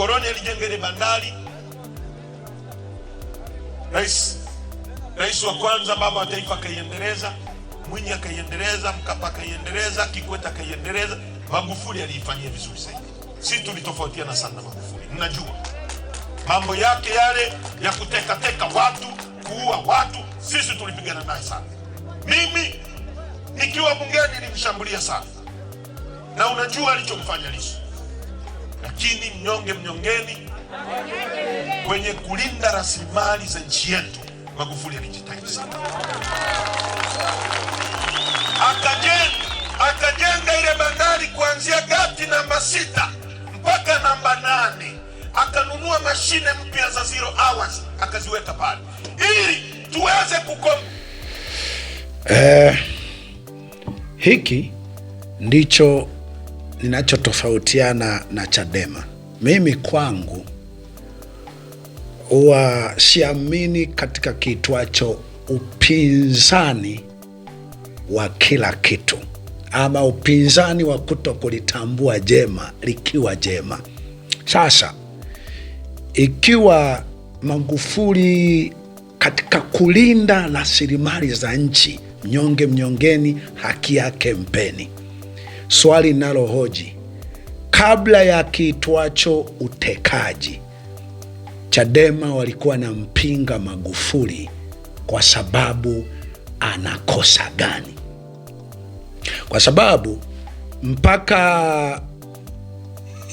Mkoloni alijenga ile bandari. Rais rais wa kwanza baba wa taifa akaiendeleza, Mwinyi akaiendeleza, Mkapa akaiendeleza, Kikwete akaiendeleza. Magufuli aliifanyia vizuri zaidi. si tulitofautiana sana na Magufuli, mnajua mambo yake yale ya kutekateka watu, kuua watu, sisi tulipigana naye sana. Mimi nikiwa bungeni nilimshambulia sana, na unajua alichomfanya Lissu lakini mnyonge mnyongeni kwenye kulinda rasilimali za nchi yetu. Magufuli alijitahidi sana, akajenga akajenga ile bandari kuanzia gati namba sita mpaka namba nane akanunua mashine mpya za zero hours akaziweka pale ili tuweze kukom eh, hiki ndicho ninachotofautiana na Chadema, mimi kwangu huwa siamini katika kitwacho upinzani wa kila kitu ama upinzani wa kuto kulitambua jema likiwa jema. Sasa ikiwa Magufuli katika kulinda rasilimali za nchi, mnyonge mnyongeni, haki yake mpeni swali ninalohoji kabla ya kitwacho utekaji, Chadema walikuwa na mpinga Magufuli kwa sababu anakosa gani? Kwa sababu mpaka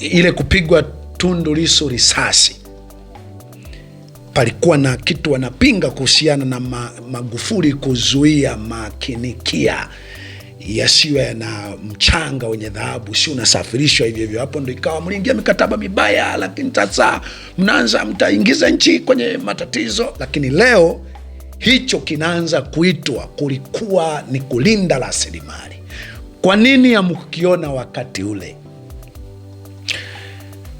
ile kupigwa Tundu Lissu risasi palikuwa na kitu wanapinga kuhusiana na Magufuli kuzuia makinikia yasiwe yana mchanga wenye dhahabu, si unasafirishwa hivyo hivyo. Hapo ndo ikawa mliingia mikataba mibaya, lakini sasa mnaanza mtaingiza nchi kwenye matatizo. Lakini leo hicho kinaanza kuitwa kulikuwa ni kulinda rasilimali. Kwa nini hamkukiona wakati ule?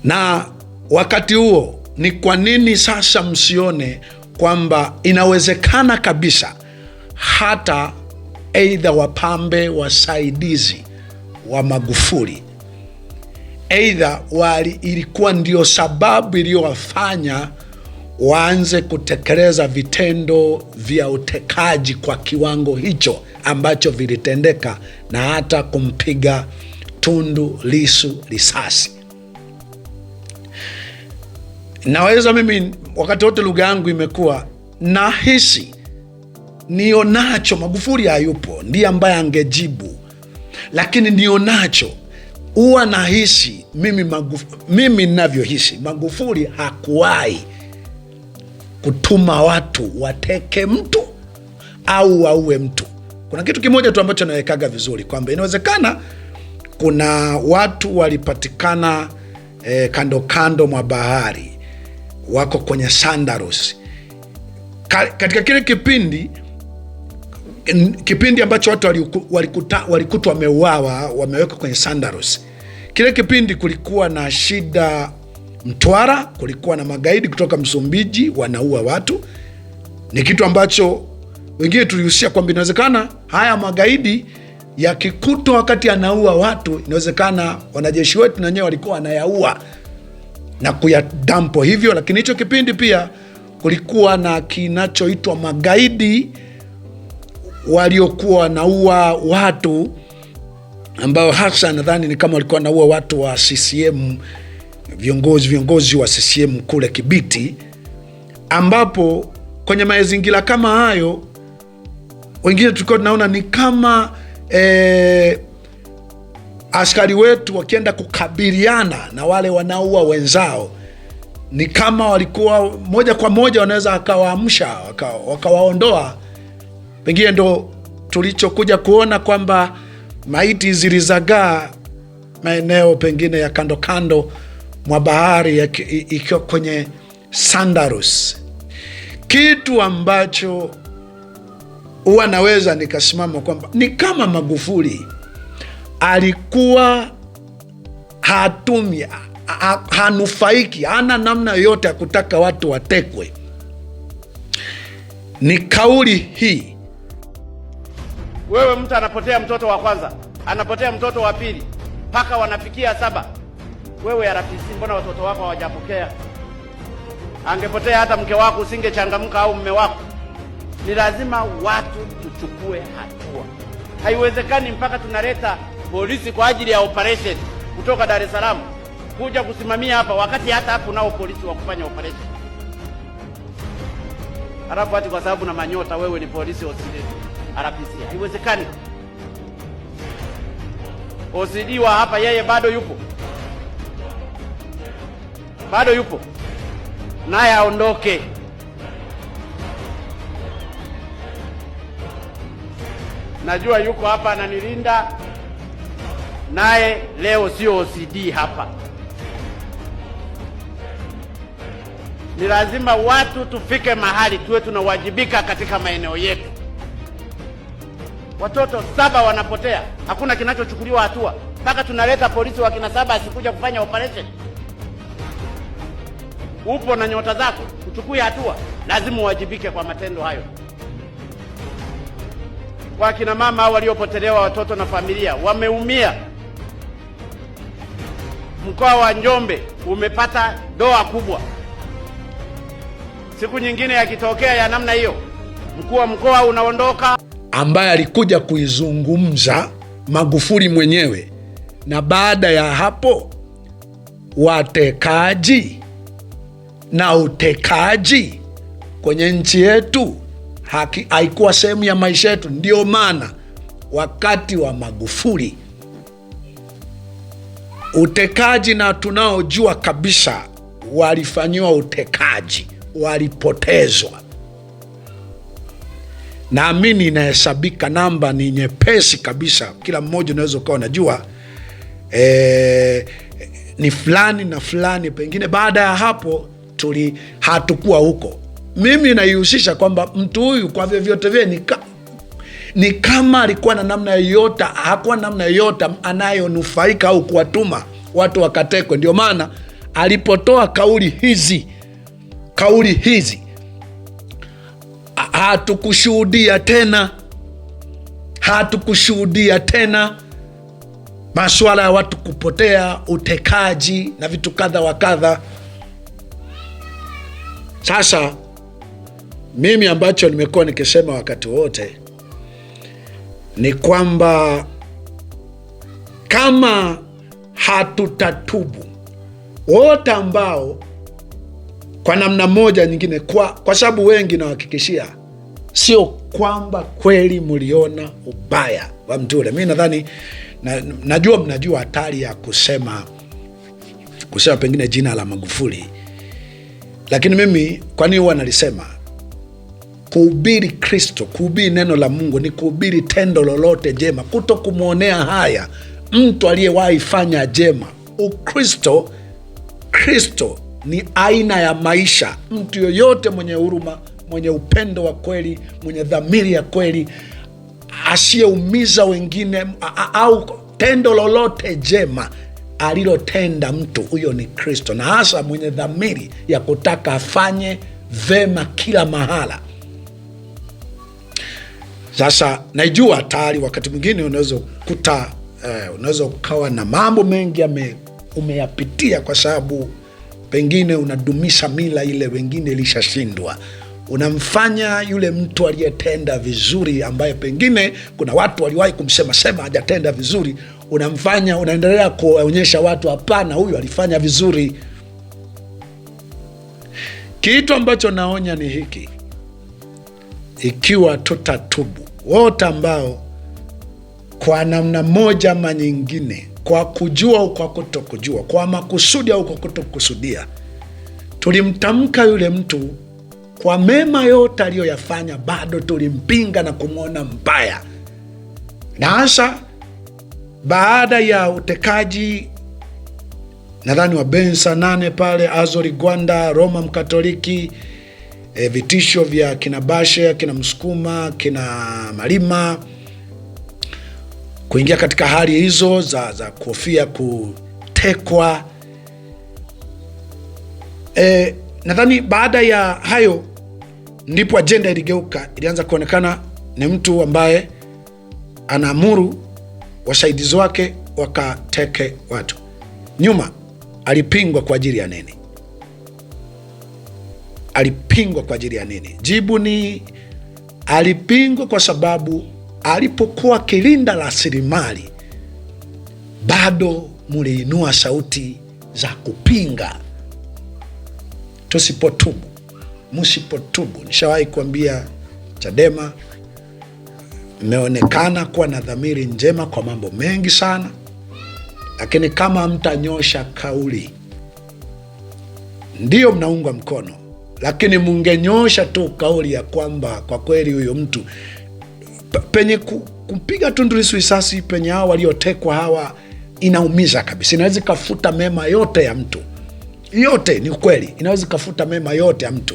Na wakati huo ni kwa nini sasa msione kwamba inawezekana kabisa hata aidha wapambe wasaidizi wa Magufuli, aidha wali, ilikuwa ndio sababu iliyowafanya waanze kutekeleza vitendo vya utekaji kwa kiwango hicho ambacho vilitendeka na hata kumpiga Tundu lisu risasi. Naweza mimi wakati wote lugha yangu imekuwa nahisi nionacho, Magufuli hayupo, ndiye ambaye angejibu, lakini nionacho huwa nahisi mimi Maguf, mimi navyohisi Magufuli hakuwahi kutuma watu wateke mtu au waue mtu. Kuna kitu kimoja tu ambacho nawekaga vizuri kwamba inawezekana kuna watu walipatikana eh, kando kando mwa bahari wako kwenye sandarusi katika kile kipindi kipindi ambacho watu walikutwa walikuta wameuawa wamewekwa kwenye sandaros. Kile kipindi kulikuwa na shida Mtwara, kulikuwa na magaidi kutoka Msumbiji wanaua watu. Ni kitu ambacho wengine tulihusia kwamba inawezekana haya magaidi yakikutwa wakati anaua watu, inawezekana wanajeshi wetu nanyewe walikuwa wanayaua na kuyadampo hivyo. Lakini hicho kipindi pia kulikuwa na kinachoitwa magaidi waliokuwa wanaua watu ambao hasa nadhani ni kama walikuwa wanaua watu wa CCM viongozi viongozi wa CCM kule Kibiti, ambapo kwenye mazingira kama hayo wengine tulikuwa tunaona ni kama eh, askari wetu wakienda kukabiliana na wale wanaua wenzao ni kama walikuwa moja kwa moja wanaweza wakawaamsha wakawaondoa waka Pengine ndo tulichokuja kuona kwamba maiti zilizagaa maeneo pengine ya kando kando mwa bahari ikiwa kwenye Sandarus, kitu ambacho huwa naweza nikasimama kwamba ni kama Magufuli alikuwa hatumi ha, hanufaiki hana namna yoyote ya kutaka watu watekwe. Ni kauli hii wewe mtu anapotea mtoto wa kwanza, anapotea mtoto wa pili, mpaka wanafikia saba. Wewe RPC, mbona watoto wako hawajapokea? Angepotea hata mke wako usingechangamka, au mme wako. Ni lazima watu tuchukue hatua. Haiwezekani mpaka tunaleta polisi kwa ajili ya operation kutoka Dar es Salaam kuja kusimamia hapa, wakati hata hapo nao polisi wa kufanya operation, halafu hati kwa sababu na manyota, wewe ni polisi hospitalini. RPC. Haiwezekani. OCD wa hapa yeye bado yupo, bado yupo, naye aondoke. Najua yuko hapa ananilinda, naye leo sio OCD hapa. Ni lazima watu tufike mahali tuwe tunawajibika katika maeneo yetu watoto saba wanapotea, hakuna kinachochukuliwa hatua, mpaka tunaleta polisi wa kina saba asikuja kufanya operation. Upo na nyota zako, uchukue hatua, lazima uwajibike kwa matendo hayo. Kwa kina mama hao waliopotelewa, watoto na familia wameumia. Mkoa wa Njombe umepata doa kubwa. Siku nyingine yakitokea ya namna hiyo, mkuu wa mkoa unaondoka ambaye alikuja kuizungumza Magufuli mwenyewe, na baada ya hapo watekaji na utekaji kwenye nchi yetu haikuwa sehemu ya maisha yetu. Ndio maana wakati wa Magufuli utekaji na tunaojua kabisa walifanyiwa utekaji, walipotezwa naamini inahesabika, namba ni nyepesi kabisa, kila mmoja unaweza ukawa unajua e, ni fulani na fulani. Pengine baada ya hapo tuli hatukuwa huko. Mimi naihusisha kwamba mtu huyu kwa vyovyote vile ni, ka, ni kama alikuwa na namna yoyote, hakuwa namna yoyote anayonufaika au kuwatuma watu wakatekwe. Ndio maana alipotoa kauli hizi kauli hizi hatukushuhudia tena, hatukushuhudia tena masuala ya watu kupotea, utekaji na vitu kadha wa kadha. Sasa mimi ambacho nimekuwa nikisema wakati wote ni kwamba kama hatutatubu wote ambao kwa namna moja nyingine, kwa, kwa sababu wengi nawahakikishia sio kwamba kweli mliona ubaya wa mtu ule. Mi nadhani na, najua mnajua hatari ya kusema kusema pengine jina la Magufuli, lakini mimi kwa nini huwa nalisema kuhubiri Kristo, kuhubiri neno la Mungu ni kuhubiri tendo lolote jema, kuto kumwonea haya mtu aliyewahi fanya jema. Ukristo, Kristo ni aina ya maisha. Mtu yoyote mwenye huruma mwenye upendo wa kweli, mwenye dhamiri ya kweli, asiyeumiza wengine au tendo lolote jema alilotenda mtu huyo ni Kristo, na hasa mwenye dhamiri ya kutaka afanye vema kila mahala. Sasa najua tayari wakati mwingine unaweza kuta eh, unaweza ukawa na mambo mengi umeyapitia kwa sababu pengine unadumisha mila ile, wengine ilishashindwa unamfanya yule mtu aliyetenda vizuri, ambaye pengine kuna watu waliwahi kumsema sema hajatenda vizuri, unamfanya unaendelea kuonyesha watu, hapana, huyu alifanya vizuri. Kitu ambacho naonya ni hiki, ikiwa tutatubu wote ambao kwa namna moja ama nyingine, kwa kujua au kwa kutokujua, kwa makusudi au kwa kutokusudia, tulimtamka yule mtu kwa mema yote aliyoyafanya, bado tulimpinga na kumwona mbaya, na hasa baada ya utekaji nadhani wa bensa nane pale Azori Gwanda, Roma Mkatoliki, e, vitisho vya kina Bashe, kina Msukuma, kina Malima, kuingia katika hali hizo za, za kuhofia kutekwa. E, nadhani baada ya hayo ndipo ajenda iligeuka, ilianza kuonekana ni mtu ambaye anaamuru washahidizi wake wakateke watu. Nyuma alipingwa kwa ajili ya nini? Alipingwa kwa ajili ya nini? Jibu ni alipingwa kwa sababu alipokuwa kilinda rasilimali, bado muliinua sauti za kupinga. Tusipotubu msipotubu. Nishawahi kuambia Chadema, mmeonekana kuwa na dhamiri njema kwa mambo mengi sana, lakini kama mtanyosha kauli, ndio mnaungwa mkono, lakini mungenyosha tu kauli ya kwamba kwa kweli huyo mtu penye kumpiga Tundu Lissu risasi, penye hawa waliotekwa hawa, inaumiza kabisa, inaweza ikafuta mema yote ya mtu yote. Ni ukweli, inaweza ikafuta mema yote ya mtu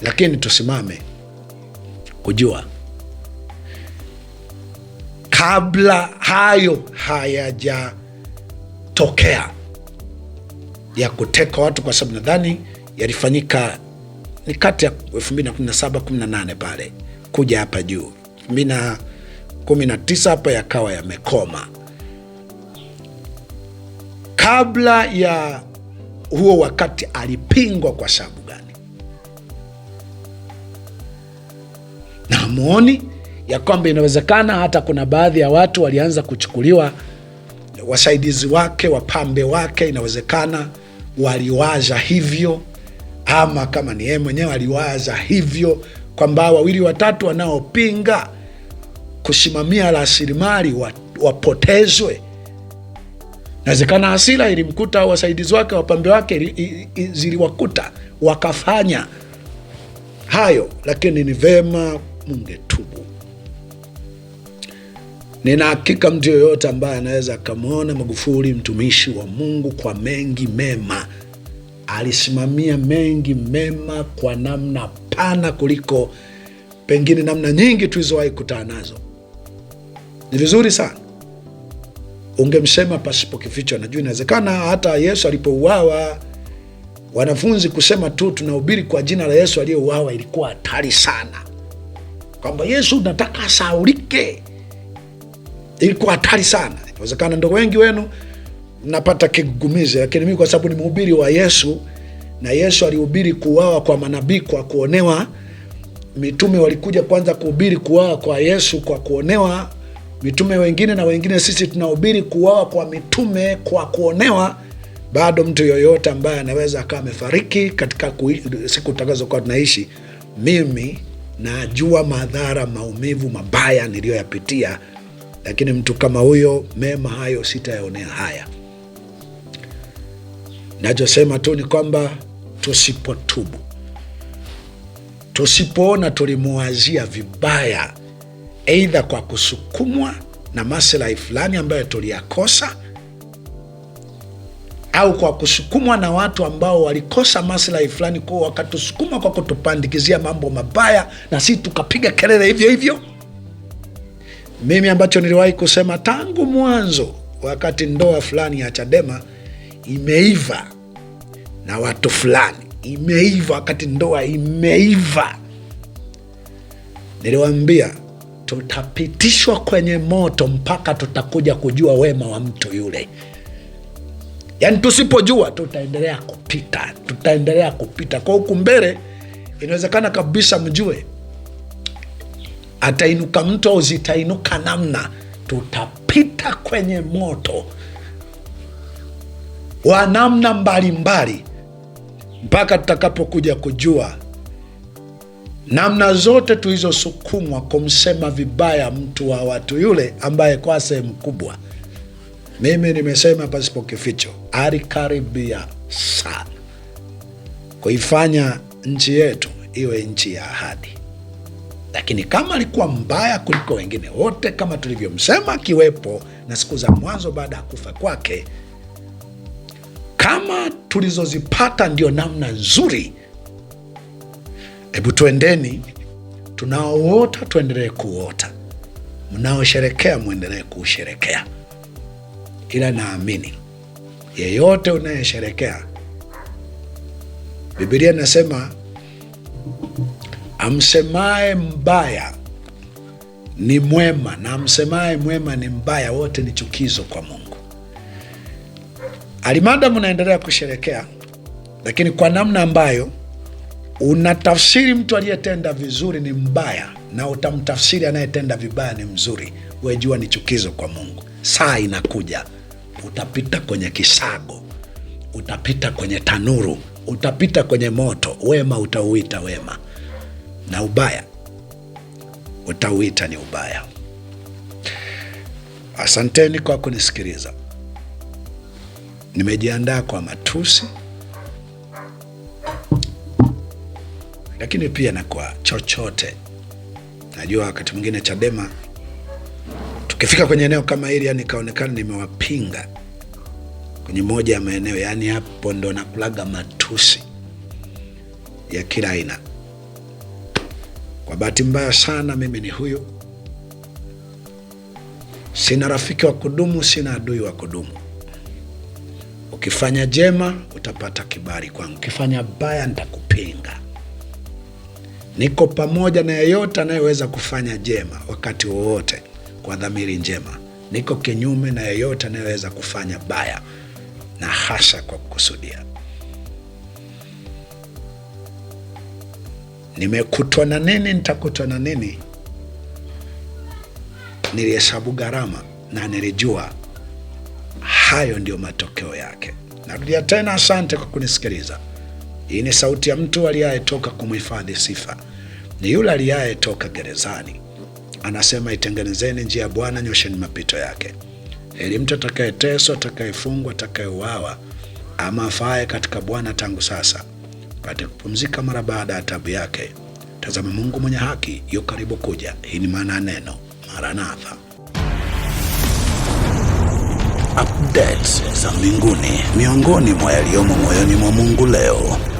lakini tusimame kujua kabla hayo hayajatokea ya kuteka watu, kwa sababu nadhani yalifanyika ni kati ya 2017 18 pale kuja hapa juu 2019 hapa yakawa yamekoma. Kabla ya huo wakati alipingwa kwa sababu na hamuoni ya kwamba inawezekana hata kuna baadhi ya watu walianza kuchukuliwa wasaidizi wake, wapambe wake, inawezekana waliwaza hivyo, ama kama ni yeye mwenyewe aliwaza hivyo kwamba wawili watatu wanaopinga kusimamia rasilimali wapotezwe. Inawezekana hasira ilimkuta au wasaidizi wake, wapambe wake ziliwakuta wakafanya hayo, lakini ni vema mngetubu. Nina hakika mtu yoyote ambaye anaweza akamwona Magufuli mtumishi wa Mungu kwa mengi mema, alisimamia mengi mema kwa namna pana kuliko pengine namna nyingi tulizowahi kutana nazo. Ni vizuri sana ungemsema pasipo kificho. Najua inawezekana hata Yesu alipouawa wanafunzi kusema tu tunahubiri kwa jina la Yesu aliyeuawa ilikuwa hatari sana kwamba Yesu nataka asaulike. Ilikuwa hatari sana. Inawezekana ndugu wengi wenu napata kigumizi, lakini mimi kwa sababu ni mhubiri wa Yesu na Yesu alihubiri kuuawa kwa manabii kwa kuonewa. Mitume walikuja kwanza kuhubiri kuuawa kwa Yesu kwa kuonewa, mitume wengine na wengine. Sisi tunahubiri kuuawa kwa mitume kwa kuonewa. Bado mtu yoyote ambaye anaweza akawa amefariki katika siku tutakazokuwa tunaishi, mimi najua madhara, maumivu mabaya niliyoyapitia, lakini mtu kama huyo, mema hayo sitayaonea haya. Nachosema tu ni kwamba tusipotubu, tusipoona tulimuwazia vibaya, aidha kwa kusukumwa na maslahi fulani ambayo tuliyakosa au kwa kusukumwa na watu ambao walikosa maslahi fulani kwao, wakatusukuma kwa kutupandikizia mambo mabaya, na sisi tukapiga kelele hivyo hivyo. Mimi ambacho niliwahi kusema tangu mwanzo, wakati ndoa fulani ya Chadema imeiva na watu fulani imeiva, wakati ndoa imeiva, niliwaambia tutapitishwa kwenye moto mpaka tutakuja kujua wema wa mtu yule. Yaani tusipojua tutaendelea kupita, tutaendelea kupita kwa huku mbele. Inawezekana kabisa mjue atainuka mtu au zitainuka namna, tutapita kwenye moto wa namna mbalimbali mpaka tutakapokuja kujua namna zote tulizosukumwa kumsema vibaya mtu wa watu yule ambaye kwa sehemu kubwa mimi nimesema pasipo kificho, alikaribia sana kuifanya nchi yetu iwe nchi ya ahadi, lakini kama alikuwa mbaya kuliko wengine wote, kama tulivyomsema, akiwepo na siku za mwanzo baada ya kufa kwake, kama tulizozipata ndio namna nzuri, hebu tuendeni, tunaoota tuendelee kuota, mnaosherekea mwendelee kuusherekea ila naamini yeyote unayesherekea, Biblia inasema amsemaye mbaya ni mwema na amsemaye mwema ni mbaya, wote ni chukizo kwa Mungu. Alimada mnaendelea kusherekea, lakini kwa namna ambayo unatafsiri mtu aliyetenda vizuri ni mbaya na utamtafsiri anayetenda vibaya ni mzuri, wejua ni chukizo kwa Mungu. Saa inakuja utapita kwenye kisago, utapita kwenye tanuru, utapita kwenye moto. Wema utauita wema na ubaya utauita ni ubaya. Asanteni kwa kunisikiliza. Nimejiandaa kwa matusi, lakini pia na kwa chochote. Najua wakati mwingine Chadema tukifika kwenye eneo kama hili, yani kaonekana nimewapinga kwenye moja ya maeneo, yani hapo ndo nakulaga matusi ya kila aina. Kwa bahati mbaya sana, mimi ni huyu, sina rafiki wa kudumu, sina adui wa kudumu. Ukifanya jema utapata kibali kwangu, ukifanya baya nitakupinga. Niko pamoja na yeyote anayeweza kufanya jema wakati wowote kwa dhamiri njema, niko kinyume na yeyote anayeweza kufanya baya na hasa kwa kukusudia. Nimekutwa na nini, nitakutwa na nini. Nilihesabu gharama na nilijua hayo ndiyo matokeo yake. Narudia tena, asante kwa kunisikiliza. Hii ni sauti ya mtu aliyetoka kumhifadhi sifa, ni yule aliyetoka gerezani anasema itengenezeni njia ya Bwana, nyosheni mapito yake. ili mtu atakayeteswa, atakayefungwa, atakayeuawa ama afaye katika Bwana tangu sasa, pate kupumzika mara baada ya tabu yake. Tazama, Mungu mwenye haki yu karibu kuja. Hii ni maana ya neno Maranatha. Updates za mbinguni, miongoni mwa yaliyomo moyoni mwa Mungu leo.